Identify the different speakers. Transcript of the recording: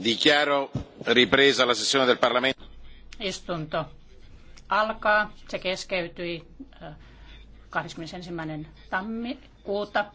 Speaker 1: Dichiaro ripresa la sessione del Parlamento.
Speaker 2: Istunto
Speaker 3: alkaa. Se keskeytyi 21. Eh, tammikuuta